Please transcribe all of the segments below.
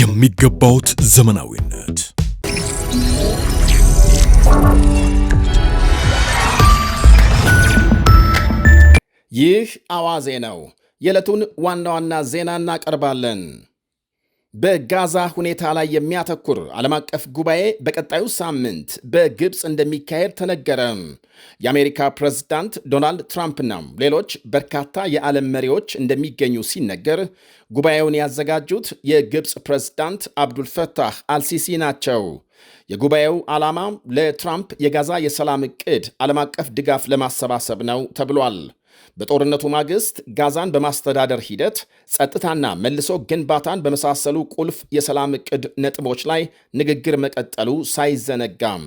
የሚገባውት ዘመናዊነት ይህ አዋዜ ነው። የዕለቱን ዋና ዋና ዜና እናቀርባለን። በጋዛ ሁኔታ ላይ የሚያተኩር ዓለም አቀፍ ጉባኤ በቀጣዩ ሳምንት በግብፅ እንደሚካሄድ ተነገረ። የአሜሪካ ፕሬዝዳንት ዶናልድ ትራምፕና ሌሎች በርካታ የዓለም መሪዎች እንደሚገኙ ሲነገር ጉባኤውን ያዘጋጁት የግብፅ ፕሬዝዳንት አብዱልፈታህ አልሲሲ ናቸው። የጉባኤው ዓላማ ለትራምፕ የጋዛ የሰላም ዕቅድ ዓለም አቀፍ ድጋፍ ለማሰባሰብ ነው ተብሏል። በጦርነቱ ማግስት ጋዛን በማስተዳደር ሂደት ጸጥታና መልሶ ግንባታን በመሳሰሉ ቁልፍ የሰላም ዕቅድ ነጥቦች ላይ ንግግር መቀጠሉ ሳይዘነጋም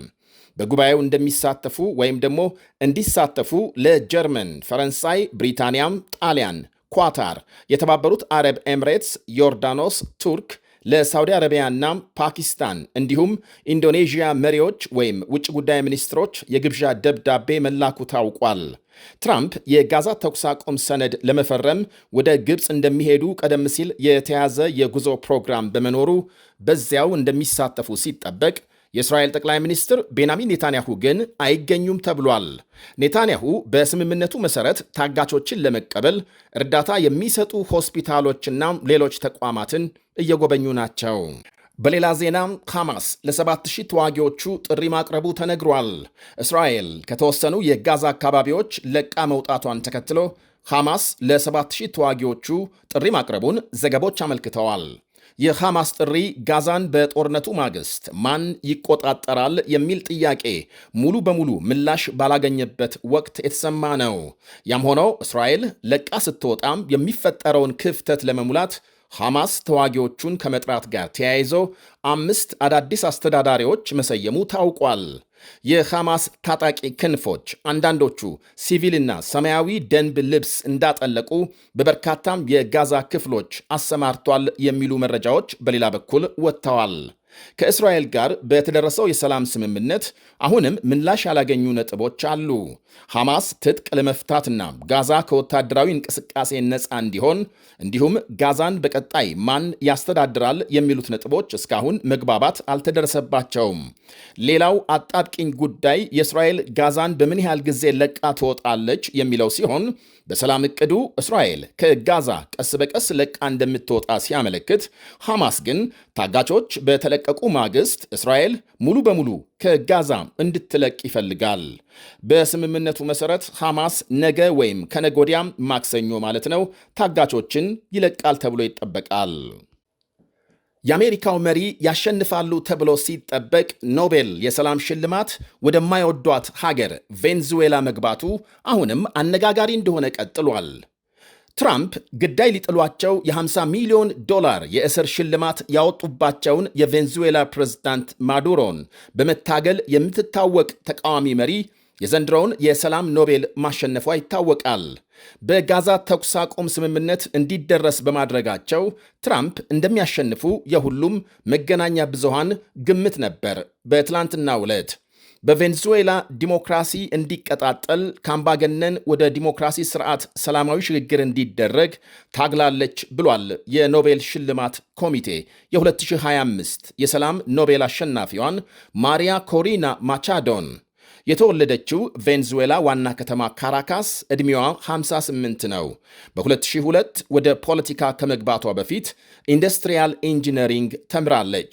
በጉባኤው እንደሚሳተፉ ወይም ደግሞ እንዲሳተፉ ለጀርመን፣ ፈረንሳይ፣ ብሪታንያም፣ ጣሊያን፣ ኳታር፣ የተባበሩት አረብ ኤምሬትስ፣ ዮርዳኖስ፣ ቱርክ ለሳውዲ አረቢያና ፓኪስታን እንዲሁም ኢንዶኔዥያ መሪዎች ወይም ውጭ ጉዳይ ሚኒስትሮች የግብዣ ደብዳቤ መላኩ ታውቋል። ትራምፕ የጋዛ ተኩስ አቁም ሰነድ ለመፈረም ወደ ግብፅ እንደሚሄዱ ቀደም ሲል የተያዘ የጉዞ ፕሮግራም በመኖሩ በዚያው እንደሚሳተፉ ሲጠበቅ የእስራኤል ጠቅላይ ሚኒስትር ቤንያሚን ኔታንያሁ ግን አይገኙም ተብሏል። ኔታንያሁ በስምምነቱ መሰረት ታጋቾችን ለመቀበል እርዳታ የሚሰጡ ሆስፒታሎችና ሌሎች ተቋማትን እየጎበኙ ናቸው። በሌላ ዜና ሐማስ ለሰባት 7000 ተዋጊዎቹ ጥሪ ማቅረቡ ተነግሯል። እስራኤል ከተወሰኑ የጋዛ አካባቢዎች ለቃ መውጣቷን ተከትሎ ሐማስ ለሰባት 7000 ተዋጊዎቹ ጥሪ ማቅረቡን ዘገቦች አመልክተዋል። የሐማስ ጥሪ ጋዛን በጦርነቱ ማግስት ማን ይቆጣጠራል የሚል ጥያቄ ሙሉ በሙሉ ምላሽ ባላገኘበት ወቅት የተሰማ ነው። ያም ሆኖ እስራኤል ለቃ ስትወጣም የሚፈጠረውን ክፍተት ለመሙላት ሐማስ ተዋጊዎቹን ከመጥራት ጋር ተያይዞ አምስት አዳዲስ አስተዳዳሪዎች መሰየሙ ታውቋል። የሐማስ ታጣቂ ክንፎች አንዳንዶቹ ሲቪልና ሰማያዊ ደንብ ልብስ እንዳጠለቁ በበርካታም የጋዛ ክፍሎች አሰማርቷል የሚሉ መረጃዎች በሌላ በኩል ወጥተዋል። ከእስራኤል ጋር በተደረሰው የሰላም ስምምነት አሁንም ምላሽ ያላገኙ ነጥቦች አሉ። ሐማስ ትጥቅ ለመፍታትና ጋዛ ከወታደራዊ እንቅስቃሴ ነፃ እንዲሆን እንዲሁም ጋዛን በቀጣይ ማን ያስተዳድራል የሚሉት ነጥቦች እስካሁን መግባባት አልተደረሰባቸውም። ሌላው አጣብቂኝ ጉዳይ የእስራኤል ጋዛን በምን ያህል ጊዜ ለቃ ትወጣለች የሚለው ሲሆን በሰላም እቅዱ እስራኤል ከጋዛ ቀስ በቀስ ለቃ እንደምትወጣ ሲያመለክት፣ ሐማስ ግን ታጋቾች በተለቀቁ ማግስት እስራኤል ሙሉ በሙሉ ከጋዛ እንድትለቅ ይፈልጋል። በስምምነቱ መሰረት ሐማስ ነገ ወይም ከነጎዲያም ማክሰኞ ማለት ነው ታጋቾችን ይለቃል ተብሎ ይጠበቃል። የአሜሪካው መሪ ያሸንፋሉ ተብሎ ሲጠበቅ ኖቤል የሰላም ሽልማት ወደማይወዷት ሀገር ቬንዙዌላ መግባቱ አሁንም አነጋጋሪ እንደሆነ ቀጥሏል። ትራምፕ ግዳይ ሊጥሏቸው የ50 ሚሊዮን ዶላር የእስር ሽልማት ያወጡባቸውን የቬንዙዌላ ፕሬዝዳንት ማዱሮን በመታገል የምትታወቅ ተቃዋሚ መሪ የዘንድሮውን የሰላም ኖቤል ማሸነፏ ይታወቃል። በጋዛ ተኩስ አቁም ስምምነት እንዲደረስ በማድረጋቸው ትራምፕ እንደሚያሸንፉ የሁሉም መገናኛ ብዙሃን ግምት ነበር። በትላንትና ዕለት በቬንዙዌላ ዲሞክራሲ እንዲቀጣጠል ከአምባገነን ወደ ዲሞክራሲ ስርዓት ሰላማዊ ሽግግር እንዲደረግ ታግላለች ብሏል የኖቤል ሽልማት ኮሚቴ። የ2025 የሰላም ኖቤል አሸናፊዋን ማሪያ ኮሪና ማቻዶን የተወለደችው ቬንዙዌላ ዋና ከተማ ካራካስ ዕድሜዋ 58 ነው። በ2002 ወደ ፖለቲካ ከመግባቷ በፊት ኢንዱስትሪያል ኢንጂነሪንግ ተምራለች።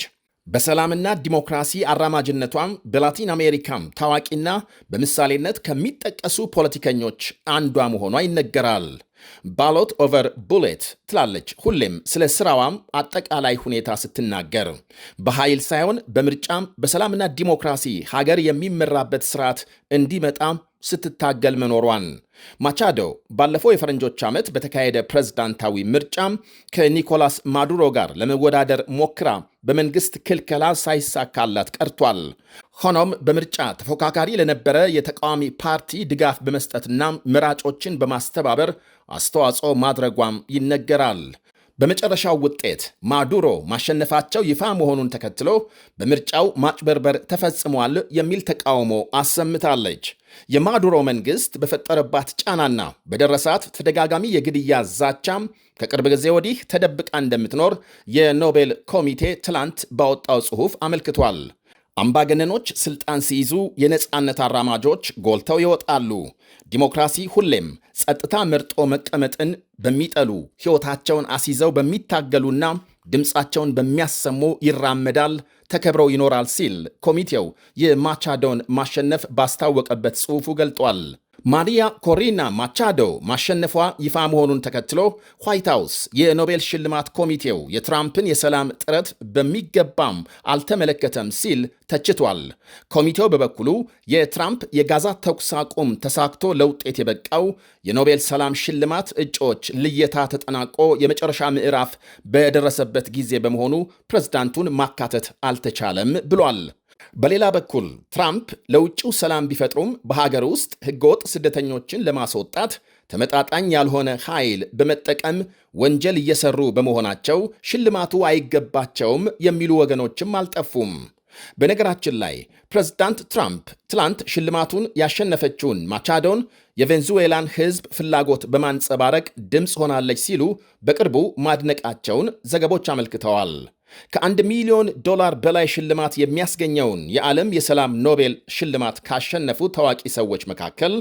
በሰላምና ዲሞክራሲ አራማጅነቷም በላቲን አሜሪካም ታዋቂና በምሳሌነት ከሚጠቀሱ ፖለቲከኞች አንዷ መሆኗ ይነገራል። ባሎት ኦቨር ቡሌት ትላለች ሁሌም ስለ ስራዋም አጠቃላይ ሁኔታ ስትናገር። በኃይል ሳይሆን በምርጫም በሰላምና ዲሞክራሲ ሀገር የሚመራበት ስርዓት እንዲመጣ ስትታገል መኖሯን ማቻዶ ባለፈው የፈረንጆች ዓመት በተካሄደ ፕሬዝዳንታዊ ምርጫም ከኒኮላስ ማዱሮ ጋር ለመወዳደር ሞክራ በመንግስት ክልከላ ሳይሳካላት ቀርቷል። ሆኖም በምርጫ ተፎካካሪ ለነበረ የተቃዋሚ ፓርቲ ድጋፍ በመስጠትና መራጮችን በማስተባበር አስተዋጽኦ ማድረጓም ይነገራል። በመጨረሻው ውጤት ማዱሮ ማሸነፋቸው ይፋ መሆኑን ተከትሎ በምርጫው ማጭበርበር ተፈጽሟል የሚል ተቃውሞ አሰምታለች። የማዱሮ መንግስት በፈጠረባት ጫናና በደረሳት ተደጋጋሚ የግድያ ዛቻም ከቅርብ ጊዜ ወዲህ ተደብቃ እንደምትኖር የኖቤል ኮሚቴ ትላንት ባወጣው ጽሑፍ አመልክቷል። አምባገነኖች ስልጣን ሲይዙ የነፃነት አራማጆች ጎልተው ይወጣሉ። ዲሞክራሲ ሁሌም ጸጥታ መርጦ መቀመጥን በሚጠሉ ሕይወታቸውን አስይዘው በሚታገሉና ድምፃቸውን በሚያሰሙ ይራመዳል፣ ተከብረው ይኖራል ሲል ኮሚቴው የማቻዶን ማሸነፍ ባስታወቀበት ጽሑፉ ገልጧል። ማሪያ ኮሪና ማቻዶ ማሸነፏ ይፋ መሆኑን ተከትሎ ዋይት ሀውስ የኖቤል ሽልማት ኮሚቴው የትራምፕን የሰላም ጥረት በሚገባም አልተመለከተም ሲል ተችቷል። ኮሚቴው በበኩሉ የትራምፕ የጋዛ ተኩስ አቁም ተሳክቶ ለውጤት የበቃው የኖቤል ሰላም ሽልማት እጩዎች ልየታ ተጠናቆ የመጨረሻ ምዕራፍ በደረሰበት ጊዜ በመሆኑ ፕሬዝዳንቱን ማካተት አልተቻለም ብሏል። በሌላ በኩል ትራምፕ ለውጭው ሰላም ቢፈጥሩም በሀገር ውስጥ ህገወጥ ስደተኞችን ለማስወጣት ተመጣጣኝ ያልሆነ ኃይል በመጠቀም ወንጀል እየሰሩ በመሆናቸው ሽልማቱ አይገባቸውም የሚሉ ወገኖችም አልጠፉም። በነገራችን ላይ ፕሬዝዳንት ትራምፕ ትላንት ሽልማቱን ያሸነፈችውን ማቻዶን የቬንዙዌላን ህዝብ ፍላጎት በማንጸባረቅ ድምፅ ሆናለች ሲሉ በቅርቡ ማድነቃቸውን ዘገቦች አመልክተዋል። ከአንድ ሚሊዮን ዶላር በላይ ሽልማት የሚያስገኘውን የዓለም የሰላም ኖቤል ሽልማት ካሸነፉ ታዋቂ ሰዎች መካከል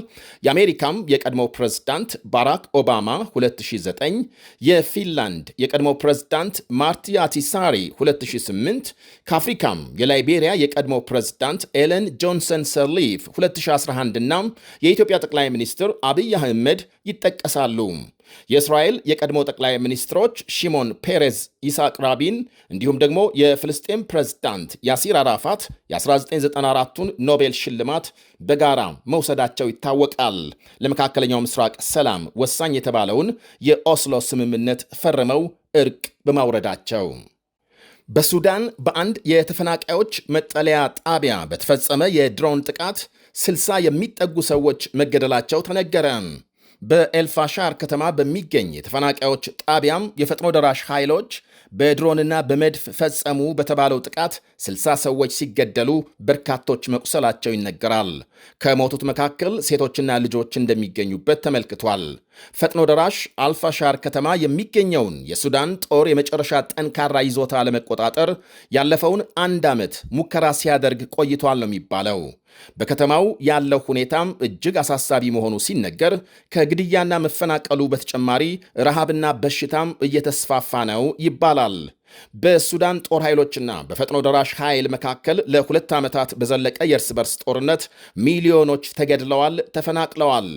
የአሜሪካም የቀድሞ ፕሬዝዳንት ባራክ ኦባማ 2009፣ የፊንላንድ የቀድሞ ፕሬዝዳንት ማርቲ አቲሳሪ 2008፣ ከአፍሪካም የላይቤሪያ የቀድሞ ፕሬዝዳንት ኤለን ጆንሰን ሰርሊፍ 2011 እና የኢትዮጵያ ጠቅላይ ሚኒስትር አብይ አህመድ ይጠቀሳሉ። የእስራኤል የቀድሞ ጠቅላይ ሚኒስትሮች ሺሞን ፔሬዝ ኢሳቅ ራቢን እንዲሁም ደግሞ የፍልስጤም ፕሬዝዳንት ያሲር አራፋት የ1994ቱን ኖቤል ሽልማት በጋራ መውሰዳቸው ይታወቃል። ለመካከለኛው ምስራቅ ሰላም ወሳኝ የተባለውን የኦስሎ ስምምነት ፈርመው እርቅ በማውረዳቸው። በሱዳን በአንድ የተፈናቃዮች መጠለያ ጣቢያ በተፈጸመ የድሮን ጥቃት 60 የሚጠጉ ሰዎች መገደላቸው ተነገረ። በኤልፋሻር ከተማ በሚገኝ የተፈናቃዮች ጣቢያም የፈጥኖ ደራሽ ኃይሎች በድሮንና በመድፍ ፈጸሙ በተባለው ጥቃት 60 ሰዎች ሲገደሉ በርካቶች መቁሰላቸው ይነገራል። ከሞቱት መካከል ሴቶችና ልጆች እንደሚገኙበት ተመልክቷል። ፈጥኖ ደራሽ አልፋሻር ከተማ የሚገኘውን የሱዳን ጦር የመጨረሻ ጠንካራ ይዞታ ለመቆጣጠር ያለፈውን አንድ ዓመት ሙከራ ሲያደርግ ቆይቷል ነው የሚባለው። በከተማው ያለው ሁኔታም እጅግ አሳሳቢ መሆኑ ሲነገር ከግድያና መፈናቀሉ በተጨማሪ ረሃብና በሽታም እየተስፋፋ ነው ይባላል። በሱዳን ጦር ኃይሎችና በፈጥኖ ደራሽ ኃይል መካከል ለሁለት ዓመታት በዘለቀ የእርስ በርስ ጦርነት ሚሊዮኖች ተገድለዋል፣ ተፈናቅለዋል።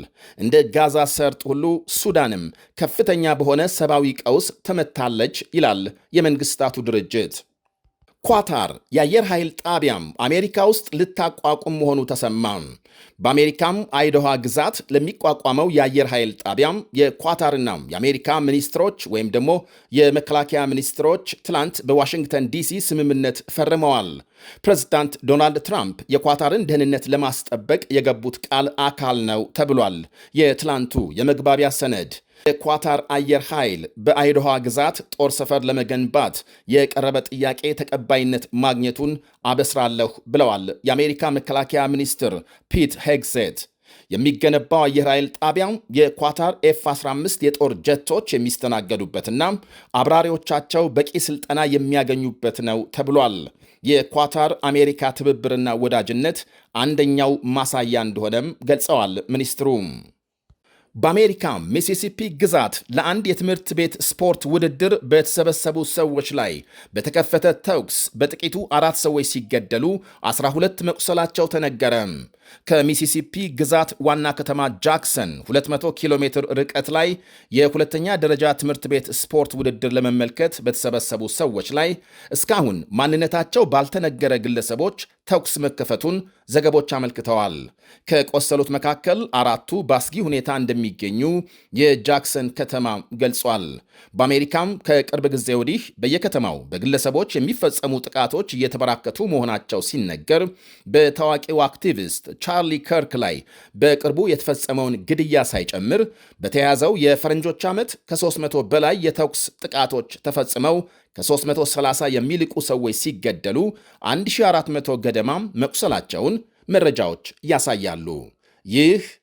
እንደ ጋዛ ሰርጥ ሁሉ ሱዳንም ከፍተኛ በሆነ ሰብአዊ ቀውስ ተመታለች ይላል የመንግስታቱ ድርጅት። ኳታር የአየር ኃይል ጣቢያም አሜሪካ ውስጥ ልታቋቁም መሆኑ ተሰማም። በአሜሪካም አይደሃ ግዛት ለሚቋቋመው የአየር ኃይል ጣቢያም የኳታርና የአሜሪካ ሚኒስትሮች ወይም ደግሞ የመከላከያ ሚኒስትሮች ትላንት በዋሽንግተን ዲሲ ስምምነት ፈርመዋል። ፕሬዚዳንት ዶናልድ ትራምፕ የኳታርን ደህንነት ለማስጠበቅ የገቡት ቃል አካል ነው ተብሏል የትላንቱ የመግባቢያ ሰነድ የኳታር አየር ኃይል በአይድሃ ግዛት ጦር ሰፈር ለመገንባት የቀረበ ጥያቄ ተቀባይነት ማግኘቱን አበስራለሁ ብለዋል የአሜሪካ መከላከያ ሚኒስትር ፒት ሄግሴት። የሚገነባው አየር ኃይል ጣቢያ የኳታር ኤፍ 15 የጦር ጀቶች የሚስተናገዱበትና አብራሪዎቻቸው በቂ ስልጠና የሚያገኙበት ነው ተብሏል። የኳታር አሜሪካ ትብብርና ወዳጅነት አንደኛው ማሳያ እንደሆነም ገልጸዋል ሚኒስትሩ። በአሜሪካ ሚሲሲፒ ግዛት ለአንድ የትምህርት ቤት ስፖርት ውድድር በተሰበሰቡ ሰዎች ላይ በተከፈተ ተኩስ በጥቂቱ አራት ሰዎች ሲገደሉ 12 መቁሰላቸው ተነገረ። ከሚሲሲፒ ግዛት ዋና ከተማ ጃክሰን 200 ኪሎ ሜትር ርቀት ላይ የሁለተኛ ደረጃ ትምህርት ቤት ስፖርት ውድድር ለመመልከት በተሰበሰቡ ሰዎች ላይ እስካሁን ማንነታቸው ባልተነገረ ግለሰቦች ተኩስ መከፈቱን ዘገቦች አመልክተዋል። ከቆሰሉት መካከል አራቱ በአስጊ ሁኔታ እንደሚገኙ የጃክሰን ከተማ ገልጿል። በአሜሪካም ከቅርብ ጊዜ ወዲህ በየከተማው በግለሰቦች የሚፈጸሙ ጥቃቶች እየተበራከቱ መሆናቸው ሲነገር በታዋቂው አክቲቪስት ቻርሊ ከርክ ላይ በቅርቡ የተፈጸመውን ግድያ ሳይጨምር በተያያዘው የፈረንጆች ዓመት ከ300 በላይ የተኩስ ጥቃቶች ተፈጽመው ከ330 የሚልቁ ሰዎች ሲገደሉ 1400 ገደማም መቁሰላቸውን መረጃዎች ያሳያሉ። ይህ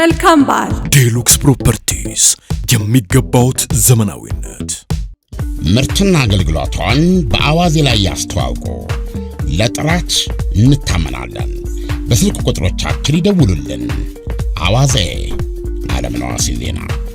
መልካም በዓል። ዴሉክስ ፕሮፐርቲስ የሚገባውት ዘመናዊነት ምርትና አገልግሎቷን በአዋዜ ላይ ያስተዋውቁ። ለጥራች እንታመናለን። በስልክ ቁጥሮቻችን ይደውሉልን። አዋዜ ዓለምነህ ዋሴ ዜና